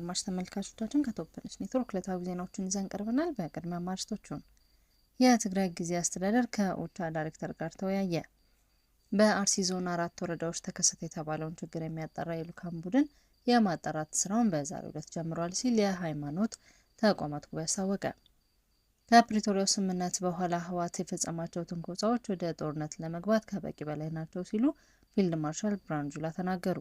አድማጭ ተመልካቾቻችን ከቶፕንስ ኔትወርክ ዕለታዊ ዜናዎችን ይዘን ቀርበናል። በቅድሚያ ማርስቶቹን የትግራይ ጊዜ አስተዳደር ከኦቻ ዳይሬክተር ጋር ተወያየ። በአርሲ ዞን አራት ወረዳዎች ተከሰተ የተባለውን ችግር የሚያጠራ የልዑካን ቡድን የማጣራት ስራውን በዛሬው ዕለት ጀምሯል ሲል የሃይማኖት ተቋማት ጉባኤ አስታወቀ። ከፕሪቶሪያው ስምምነት በኋላ ህወሓት የፈጸማቸው ትንኮሳዎች ወደ ጦርነት ለመግባት ከበቂ በላይ ናቸው ሲሉ ፊልድ ማርሻል ብርሃኑ ጁላ ተናገሩ።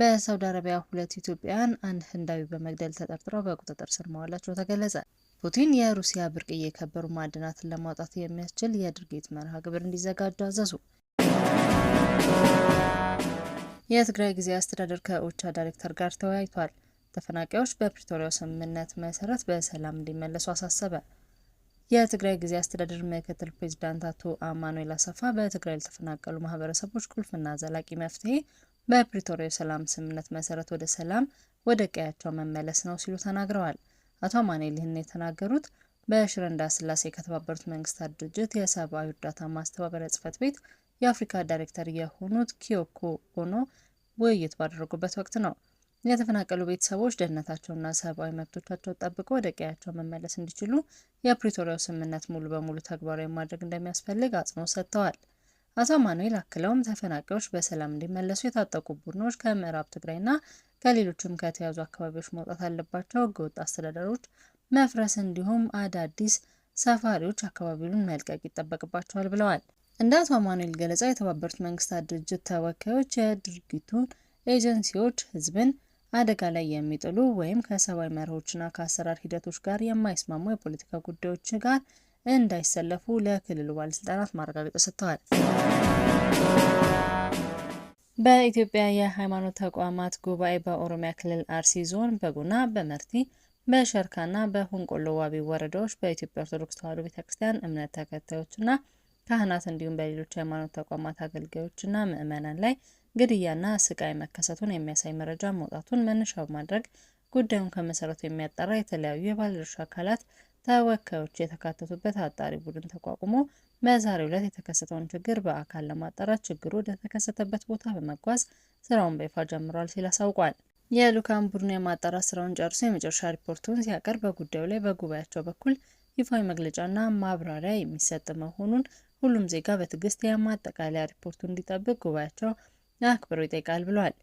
በሳውዲ አረቢያ ሁለት ኢትዮጵያውያን አንድ ህንዳዊ በመግደል ተጠርጥረው በቁጥጥር ስር መዋላቸው ተገለጸ። ፑቲን የሩሲያ ብርቅዬ የከበሩ ማዕድናትን ለማውጣት የሚያስችል የድርጊት መርሃ ግብር እንዲዘጋጁ አዘዙ። የትግራይ ጊዜ አስተዳደር ከኦቻ ዳይሬክተር ጋር ተወያይቷል። ተፈናቃዮች በፕሪቶሪያው ስምምነት መሰረት በሰላም እንዲመለሱ አሳሰበ። የትግራይ ጊዜ አስተዳደር ምክትል ፕሬዚዳንት አቶ አማኑኤል አሰፋ በትግራይ ለተፈናቀሉ ማህበረሰቦች ቁልፍና ዘላቂ መፍትሄ በፕሪቶሪያ የሰላም ስምምነት መሰረት ወደ ሰላም ወደ ቀያቸው መመለስ ነው ሲሉ ተናግረዋል። አቶ አማኑኤል ይህን የተናገሩት በሽረ እንዳስላሴ ከተባበሩት መንግስታት ድርጅት የሰብአዊ እርዳታ ማስተባበሪያ ጽፈት ቤት የአፍሪካ ዳይሬክተር የሆኑት ኪዮኮ ኦኖ ውይይት ባደረጉበት ወቅት ነው። የተፈናቀሉ ቤተሰቦች ደህንነታቸውና ሰብአዊ መብቶቻቸው ጠብቆ ወደ ቀያቸው መመለስ እንዲችሉ የፕሪቶሪያው ስምምነት ሙሉ በሙሉ ተግባራዊ ማድረግ እንደሚያስፈልግ አጽንኦት ሰጥተዋል። አቶ አማኑኤል አክለውም ተፈናቃዮች በሰላም እንዲመለሱ የታጠቁ ቡድኖች ከምዕራብ ትግራይና ከሌሎችም ከተያዙ አካባቢዎች መውጣት አለባቸው፣ ህገወጥ አስተዳደሮች መፍረስ እንዲሁም አዳዲስ ሰፋሪዎች አካባቢውን መልቀቅ ይጠበቅባቸዋል ብለዋል። እንደ አቶ አማኑኤል ገለጻ የተባበሩት መንግስታት ድርጅት ተወካዮች የድርጊቱን ኤጀንሲዎች ህዝብን አደጋ ላይ የሚጥሉ ወይም ከሰብአዊ መርሆችና ከአሰራር ሂደቶች ጋር የማይስማሙ የፖለቲካ ጉዳዮች ጋር እንዳይሰለፉ ለክልሉ ባለስልጣናት ማረጋገጫ ሰጥተዋል። በኢትዮጵያ የሃይማኖት ተቋማት ጉባኤ በኦሮሚያ ክልል አርሲ ዞን በጉና፣ በመርቲ፣ በሸርካና በሆንቆሎ ዋቢ ወረዳዎች በኢትዮጵያ ኦርቶዶክስ ተዋሕዶ ቤተ ክርስቲያን እምነት ተከታዮችና ካህናት እንዲሁም በሌሎች የሃይማኖት ተቋማት አገልጋዮችና ምዕመናን ላይ ግድያና ስቃይ መከሰቱን የሚያሳይ መረጃ መውጣቱን መነሻ በማድረግ ጉዳዩን ከመሰረቱ የሚያጠራ የተለያዩ የባለድርሻ አካላት ተወካዮች የተካተቱበት አጣሪ ቡድን ተቋቁሞ በዛሬው ዕለት የተከሰተውን ችግር በአካል ለማጣራት ችግሩ ተከሰተበት ቦታ በመጓዝ ስራውን በይፋ ጀምሯል ሲል አሳውቋል። የልዑካን ቡድኑ የማጣራት ስራውን ጨርሶ የመጨረሻ ሪፖርቱን ሲያቀርብ በጉዳዩ ላይ በጉባኤያቸው በኩል ይፋዊ መግለጫና ማብራሪያ የሚሰጥ መሆኑን ሁሉም ዜጋ በትዕግስት የማጠቃለያ ሪፖርቱ እንዲጠብቅ ጉባኤያቸው አክብሮ ይጠይቃል ብሏል።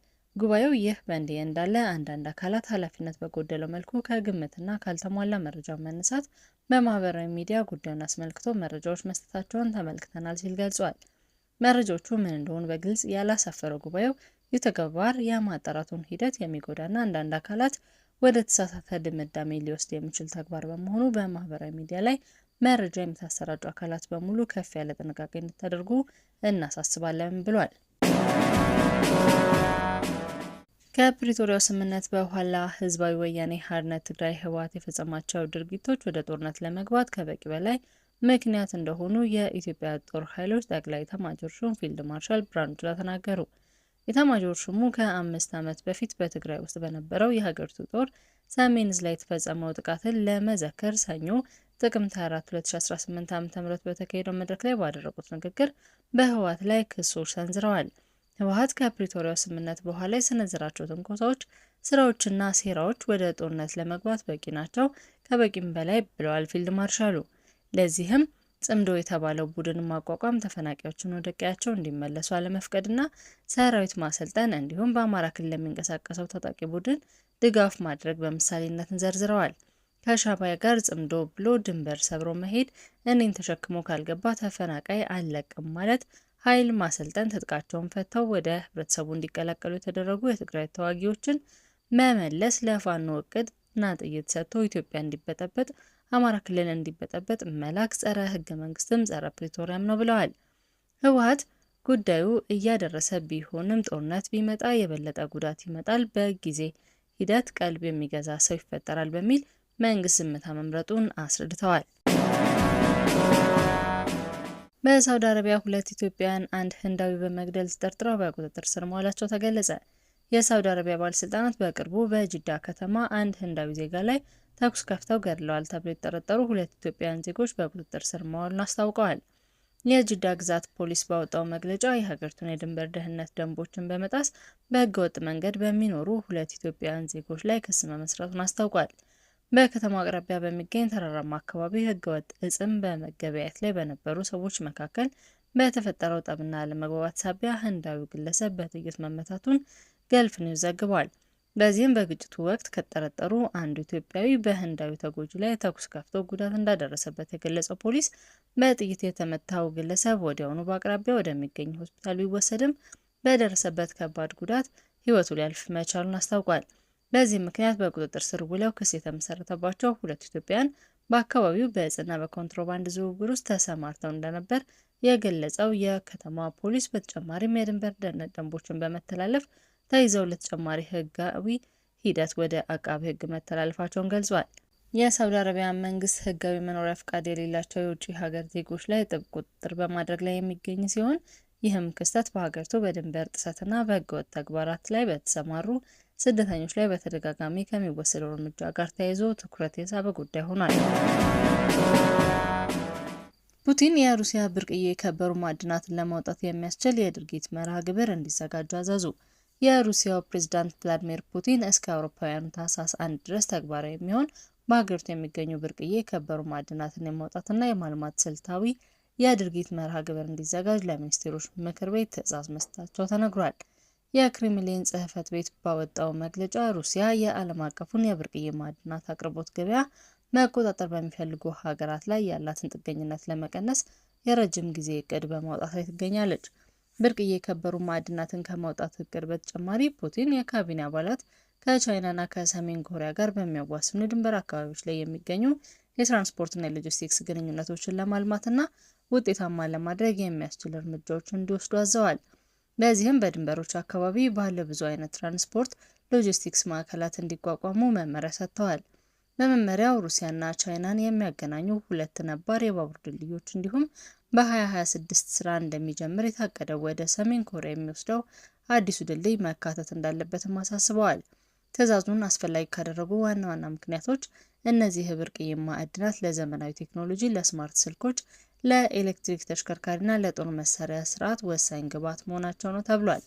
ጉባኤው ይህ በእንዲህ እንዳለ አንዳንድ አካላት ኃላፊነት በጎደለው መልኩ ከግምትና ካልተሟላ መረጃ መነሳት በማህበራዊ ሚዲያ ጉዳዩን አስመልክቶ መረጃዎች መስጠታቸውን ተመልክተናል ሲል ገልጿል። መረጃዎቹ ምን እንደሆኑ በግልጽ ያላሰፈረው ጉባኤው ይህ ተግባር የማጣራቱን ሂደት የሚጎዳና አንዳንድ አካላት ወደ ተሳሳተ ድምዳሜ ሊወስድ የሚችል ተግባር በመሆኑ በማህበራዊ ሚዲያ ላይ መረጃ የምታሰራጩ አካላት በሙሉ ከፍ ያለ ጥንቃቄ እንድታደርጉ እናሳስባለን ብሏል። ከፕሪቶሪያው ስምምነት በኋላ ህዝባዊ ወያኔ ሓርነት ትግራይ ህወሓት የፈጸማቸው ድርጊቶች ወደ ጦርነት ለመግባት ከበቂ በላይ ምክንያት እንደሆኑ የኢትዮጵያ ጦር ኃይሎች ጠቅላይ ኤታማዦር ሹም ፊልድ ማርሻል ብርሃኑ ጁላ ተናገሩ። ኤታማዦር ሹሙ ከአምስት ዓመት በፊት በትግራይ ውስጥ በነበረው የሀገሪቱ ጦር ሰሜን ዕዝ ላይ የተፈጸመው ጥቃትን ለመዘከር ሰኞ ጥቅምት 24 2018 ዓ.ም በተካሄደው መድረክ ላይ ባደረጉት ንግግር በህወሓት ላይ ክሶች ሰንዝረዋል። ህወሓት ከፕሪቶሪያው ስምምነት በኋላ የሰነዘራቸው ትንኮሳዎች፣ ስራዎችና ሴራዎች ወደ ጦርነት ለመግባት በቂ ናቸው፣ ከበቂም በላይ ብለዋል ፊልድ ማርሻሉ። ለዚህም ጽምዶ የተባለው ቡድን ማቋቋም፣ ተፈናቃዮችን ወደ ቀያቸው እንዲመለሱ አለመፍቀድና ሰራዊት ማሰልጠን እንዲሁም በአማራ ክልል ለሚንቀሳቀሰው ታጣቂ ቡድን ድጋፍ ማድረግ በምሳሌነት ዘርዝረዋል። ከሻዕቢያ ጋር ጽምዶ ብሎ ድንበር ሰብሮ መሄድ፣ እኔን ተሸክሞ ካልገባ ተፈናቃይ አልለቅም ማለት ኃይል ማሰልጠን ትጥቃቸውን ፈተው ወደ ህብረተሰቡ እንዲቀላቀሉ የተደረጉ የትግራይ ተዋጊዎችን መመለስ ለፋኖ እቅድ እና ጥይት ሰጥቶ ኢትዮጵያ እንዲበጠበጥ አማራ ክልል እንዲበጠበጥ መላክ ጸረ ህገ መንግስትም ጸረ ፕሪቶሪያም ነው ብለዋል። ህወሀት ጉዳዩ እያደረሰ ቢሆንም ጦርነት ቢመጣ የበለጠ ጉዳት ይመጣል፣ በጊዜ ሂደት ቀልብ የሚገዛ ሰው ይፈጠራል በሚል መንግስት ዝምታ መምረጡን አስረድተዋል። በሳውዲ አረቢያ ሁለት ኢትዮጵያውያን አንድ ህንዳዊ በመግደል ተጠርጥረው በቁጥጥር ስር መዋላቸው ተገለጸ። የሳውዲ አረቢያ ባለስልጣናት በቅርቡ በጅዳ ከተማ አንድ ህንዳዊ ዜጋ ላይ ተኩስ ከፍተው ገድለዋል ተብሎ የተጠረጠሩ ሁለት ኢትዮጵያውያን ዜጎች በቁጥጥር ስር መዋሉን አስታውቀዋል። የጅዳ ግዛት ፖሊስ ባወጣው መግለጫ የሀገሪቱን የድንበር ደህንነት ደንቦችን በመጣስ በህገወጥ መንገድ በሚኖሩ ሁለት ኢትዮጵያውያን ዜጎች ላይ ክስ መመስረቱን አስታውቋል። በከተማ አቅራቢያ በሚገኝ ተራራማ አካባቢ ህገወጥ እጽም በመገበያየት ላይ በነበሩ ሰዎች መካከል በተፈጠረው ጠብና አለመግባባት ሳቢያ ህንዳዊ ግለሰብ በጥይት መመታቱን ገልፍ ኒውስ ዘግቧል። በዚህም በግጭቱ ወቅት ከጠረጠሩ አንዱ ኢትዮጵያዊ በህንዳዊ ተጎጂ ላይ ተኩስ ከፍቶ ጉዳት እንዳደረሰበት የገለጸው ፖሊስ በጥይት የተመታው ግለሰብ ወዲያውኑ በአቅራቢያ ወደሚገኝ ሆስፒታል ቢወሰድም በደረሰበት ከባድ ጉዳት ህይወቱ ሊያልፍ መቻሉን አስታውቋል። በዚህ ምክንያት በቁጥጥር ስር ውለው ክስ የተመሰረተባቸው ሁለቱ ኢትዮጵያን በአካባቢው በእጽና በኮንትሮባንድ ዝውውር ውስጥ ተሰማርተው እንደነበር የገለጸው የከተማ ፖሊስ በተጨማሪም የድንበር ደህንነት ደንቦችን በመተላለፍ ተይዘው ለተጨማሪ ህጋዊ ሂደት ወደ አቃቢ ህግ መተላለፋቸውን ገልጿል። የሳውዲ አረቢያ መንግስት ህጋዊ መኖሪያ ፈቃድ የሌላቸው የውጭ ሀገር ዜጎች ላይ ጥብቅ ቁጥጥር በማድረግ ላይ የሚገኝ ሲሆን ይህም ክስተት በሀገሪቱ በድንበር ጥሰትና በህገወጥ ተግባራት ላይ በተሰማሩ ስደተኞች ላይ በተደጋጋሚ ከሚወሰደው እርምጃ ጋር ተያይዞ ትኩረት የሳበ ጉዳይ ሆኗል። ፑቲን የሩሲያ ብርቅዬ የከበሩ ማዕድናትን ለማውጣት የሚያስችል የድርጊት መርሃ ግብር እንዲዘጋጅ አዘዙ። የሩሲያው ፕሬዝዳንት ቭላዲሚር ፑቲን እስከ አውሮፓውያኑ ታህሳስ አንድ ድረስ ተግባራዊ የሚሆን በሀገሪቱ የሚገኙ ብርቅዬ የከበሩ ማዕድናትን የማውጣትና የማልማት ስልታዊ የድርጊት መርሃ ግብር እንዲዘጋጅ ለሚኒስቴሮች ምክር ቤት ትዕዛዝ መስጠታቸው ተነግሯል። የክሬምሊን ጽህፈት ቤት ባወጣው መግለጫ ሩሲያ የዓለም አቀፉን የብርቅዬ ማዕድናት አቅርቦት ገበያ መቆጣጠር በሚፈልጉ ሀገራት ላይ ያላትን ጥገኝነት ለመቀነስ የረጅም ጊዜ እቅድ በማውጣት ላይ ትገኛለች። ብርቅዬ የከበሩ ማዕድናትን ከማውጣት እቅድ በተጨማሪ ፑቲን የካቢኔ አባላት ከቻይናና ከሰሜን ኮሪያ ጋር በሚያዋስኑ ድንበር አካባቢዎች ላይ የሚገኙ የትራንስፖርትና የሎጂስቲክስ ግንኙነቶችን ለማልማትና ውጤታማ ለማድረግ የሚያስችል እርምጃዎች እንዲወስዱ አዘዋል። በዚህም በድንበሮች አካባቢ ባለ ብዙ አይነት ትራንስፖርት ሎጂስቲክስ ማዕከላት እንዲቋቋሙ መመሪያ ሰጥተዋል። በመመሪያው ሩሲያና ቻይናን የሚያገናኙ ሁለት ነባር የባቡር ድልድዮች እንዲሁም በ2026 ስራ እንደሚጀምር የታቀደው ወደ ሰሜን ኮሪያ የሚወስደው አዲሱ ድልድይ መካተት እንዳለበትም አሳስበዋል። ትዕዛዙን አስፈላጊ ካደረጉ ዋና ዋና ምክንያቶች እነዚህ ብርቅዬ ማዕድናት ለዘመናዊ ቴክኖሎጂ፣ ለስማርት ስልኮች፣ ለኤሌክትሪክ ተሽከርካሪና ለጦር መሳሪያ ስርዓት ወሳኝ ግብዓት መሆናቸው ነው ተብሏል።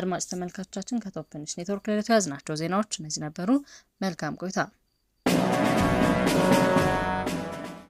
አድማጭ ተመልካቾቻችን ከቶፕ ኒውስ ኔትወርክ ለዕለቱ ያዝናቸው ዜናዎች እነዚህ ነበሩ። መልካም ቆይታ